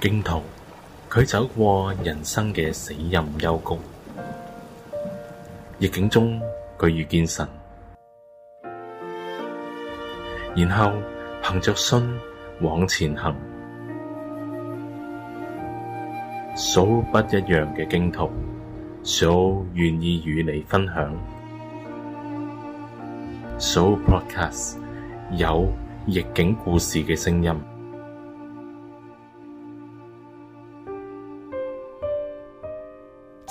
荊徒，佢走過人生嘅死蔭幽谷，逆境中佢遇見神，然後憑着信往前行。Sooo 不一樣嘅荊徒，Sooo 願意與你分享。Sooo Podcast 有逆境故事嘅聲音。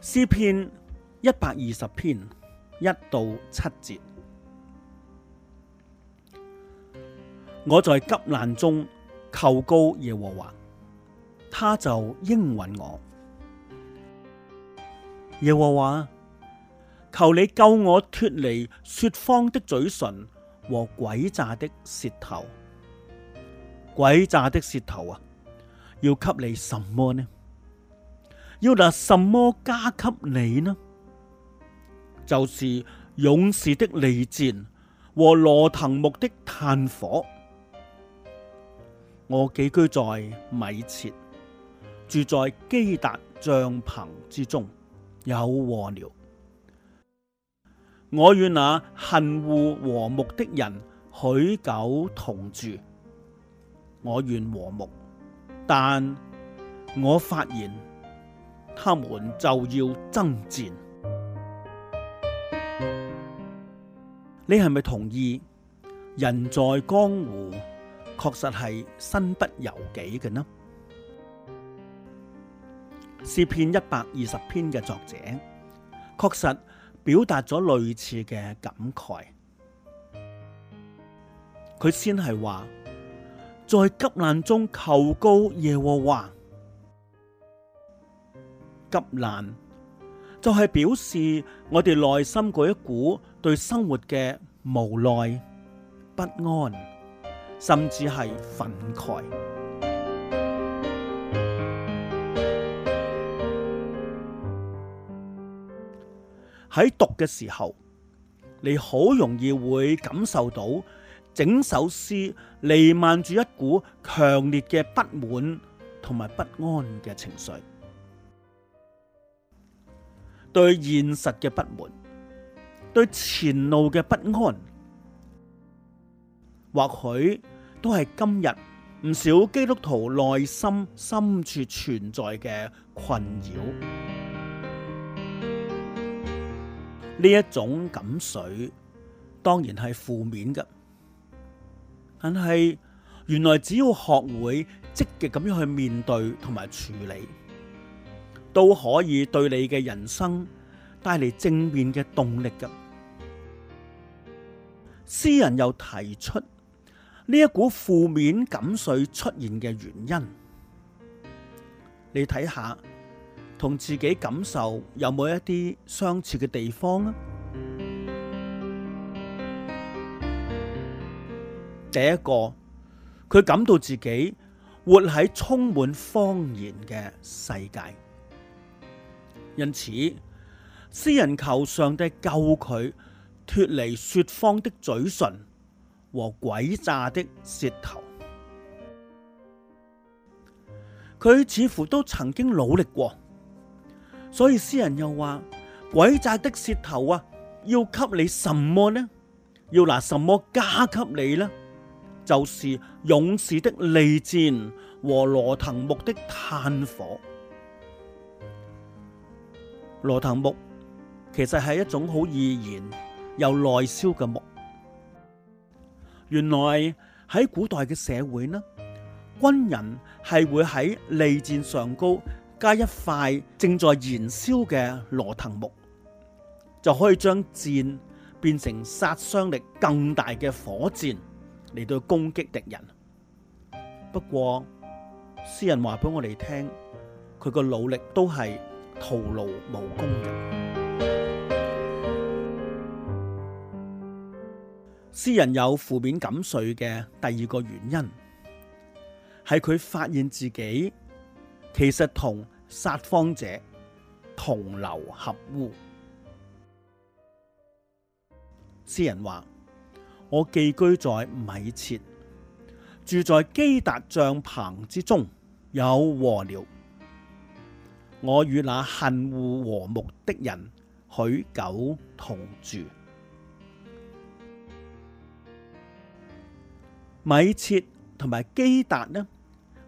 詩篇一百二十篇一到七節，我在急難中求告耶和華，他就應允我。耶和華，求你救我脫離說謊的嘴唇和詭詐的舌頭。詭詐的舌頭啊，要給你什麼呢？要拿什麼加給你呢？就是勇士的利箭和羅藤木的炭火。我寄居在米設，住在基達帳篷之中，有禍了。我與那恨惡和睦的人許久同住。我願和睦，但我發現。他們就要爭戰。你係咪同意？人在江湖，確實係身不由己嘅呢？詩篇一百二十篇嘅作者，確實表達咗類似嘅感慨。佢先係話，在急難中求告耶和華。急難，就係表示我哋內心嗰一股對生活嘅無奈、不安，甚至係憤慨。喺讀嘅時候，你好容易會感受到整首詩彌漫住一股強烈嘅不滿同埋不安嘅情緒。對現實嘅不滿，對前路嘅不安，或許都係今日唔少基督徒內心深處存在嘅困擾。呢一種感緒當然係負面嘅，但係原來只要學會積極咁樣去面對同埋處理，都可以對你嘅人生帶嚟正面嘅動力。噉詩人又提出呢一股負面感緒出現嘅原因，你睇下同自己感受有冇一啲相似嘅地方呢？第一個，佢感到自己活喺充滿謊言嘅世界。因此，詩人求上帝救佢脫離說謊的嘴唇和詭詐的舌頭。佢似乎都曾經努力過，所以詩人又話：詭詐的舌頭啊，要給你什麼呢？要拿什麼加給你呢？就是勇士的利箭和羅藤木的炭火。羅藤木其實係一種好易燃又耐燒嘅木。原來喺古代嘅社會呢，軍人係會喺利箭上高加一塊正在燃燒嘅羅藤木，就可以將箭變成殺傷力更大嘅火箭嚟到攻擊敵人。不過詩人話俾我哋聽，佢嘅努力都係。徒勞無功嘅。詩人有負面感受嘅第二個原因，係佢發現自己其實同說謊者同流合污。詩人話：我寄居在米設，住在基達帳棚之中，有禍了。我與那恨惡和睦的人，許久同住。米切同埋基達呢，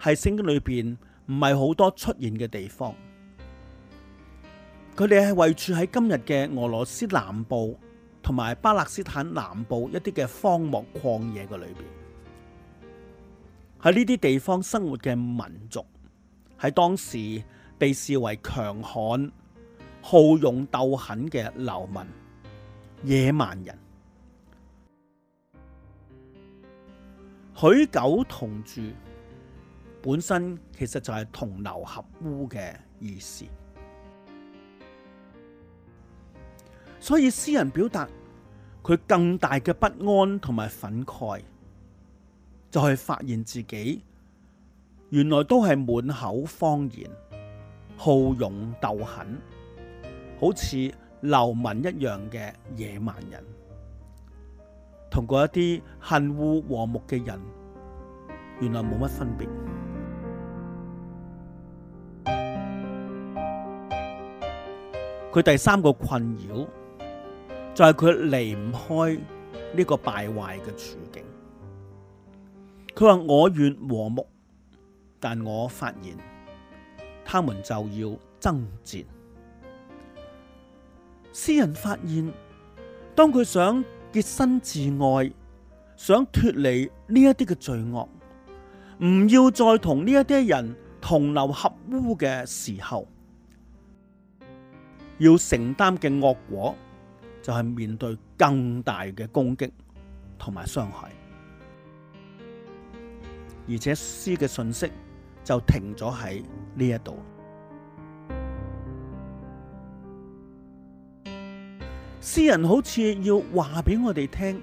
係聖經裏邊唔係好多出現嘅地方。佢哋係位處喺今日嘅俄羅斯南部同埋巴勒斯坦南部一啲嘅荒漠曠野嘅裏邊。喺呢啲地方生活嘅民族，喺當時，被視為強悍、好勇鬥狠嘅流民、野蠻人。許久同住本身其實就係同流合污嘅意思，所以詩人表達佢更大嘅不安同埋憤慨，就係、是、發現自己原來都係滿口謊言。好勇鬥狠，好似流氓一樣嘅野蠻人，同嗰一啲恨惡和睦嘅人，原來冇乜分別。佢第三個困擾就係、是、佢離唔開呢個敗壞嘅處境。佢話我願和睦，但我發現。他們就要爭戰。詩人發現，當佢想潔身自愛，想脫離呢一啲嘅罪惡，唔要再同呢一啲人同流合污嘅時候，要承擔嘅惡果就係面對更大嘅攻擊同埋傷害。而且詩嘅信息就停咗喺。呢一度，詩人好似要話俾我哋聽：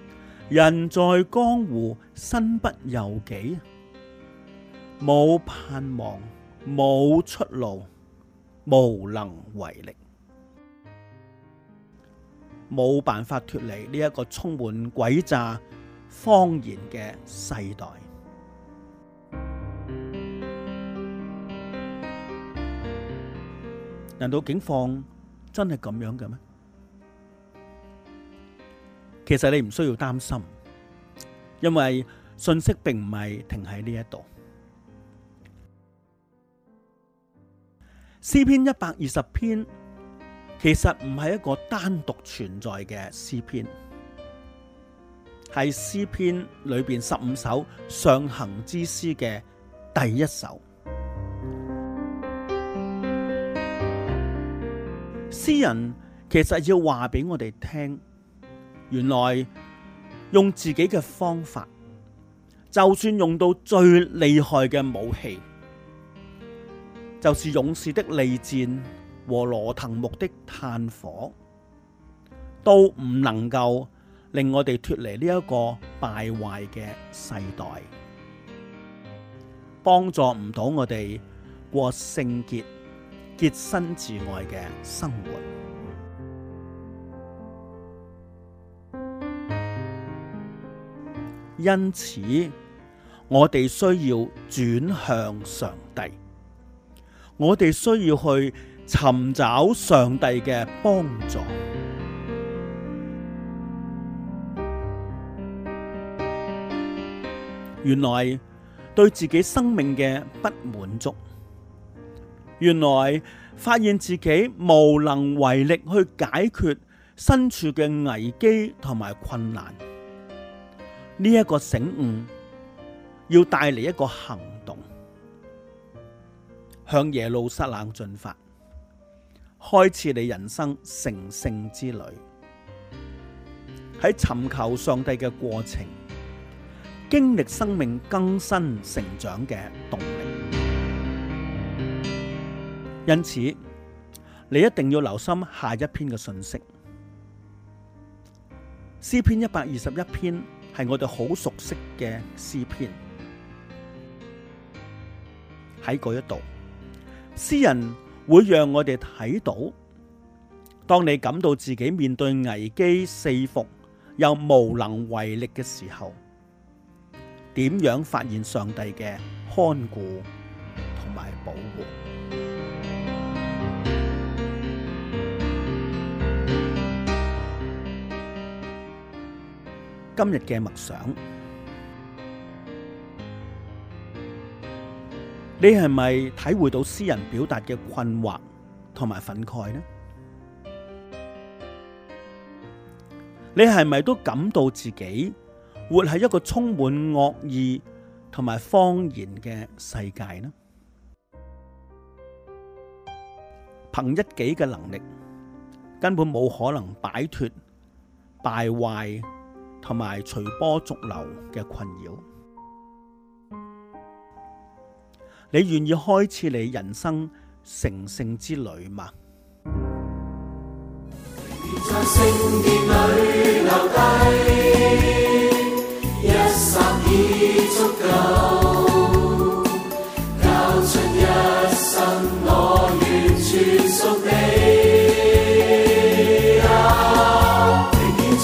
人在江湖，身不由己，冇盼望，冇出路，無能為力，冇辦法脫離呢一個充滿詭詐、謊言嘅世代。難道警方真係咁樣嘅咩？其實你唔需要擔心，因為信息並唔係停喺呢一度。詩篇一百二十篇其實唔係一個單獨存在嘅詩篇，係詩篇裏邊十五首上行之詩嘅第一首。詩人其實要話俾我哋聽，原來用自己嘅方法，就算用到最厲害嘅武器，就是勇士的利箭和羅藤木的炭火，都唔能夠令我哋脫離呢一個敗壞嘅世代，幫助唔到我哋過聖潔潔身自愛嘅生活，因此我哋需要轉向上帝，我哋需要去尋找上帝嘅幫助。原來對自己生命嘅不滿足。原來發現自己無能為力去解決身處嘅危機同埋困難，呢、這、一個醒悟要帶嚟一個行動，向耶路撒冷進發，開始你人生成聖之旅。喺尋求上帝嘅過程，經歷生命更新成長嘅動力。因此，你一定要留心下一篇嘅信息。詩篇一百二十一篇係我哋好熟悉嘅詩篇，喺嗰一度，詩人會讓我哋睇到，當你感到自己面對危機四伏，又無能為力嘅時候，點樣發現上帝嘅看顧同埋保護。今日嘅默想，你係咪體會到詩人表達嘅困惑同埋憤慨呢？你係咪都感到自己活喺一個充滿惡意同埋謊言嘅世界呢？憑一己嘅能力，根本冇可能擺脫敗壞。同埋隨波逐流嘅困擾，你願意開始你人生成聖之旅嗎？在聖殿裏留低一剎已足夠，交出一生，我完全屬你。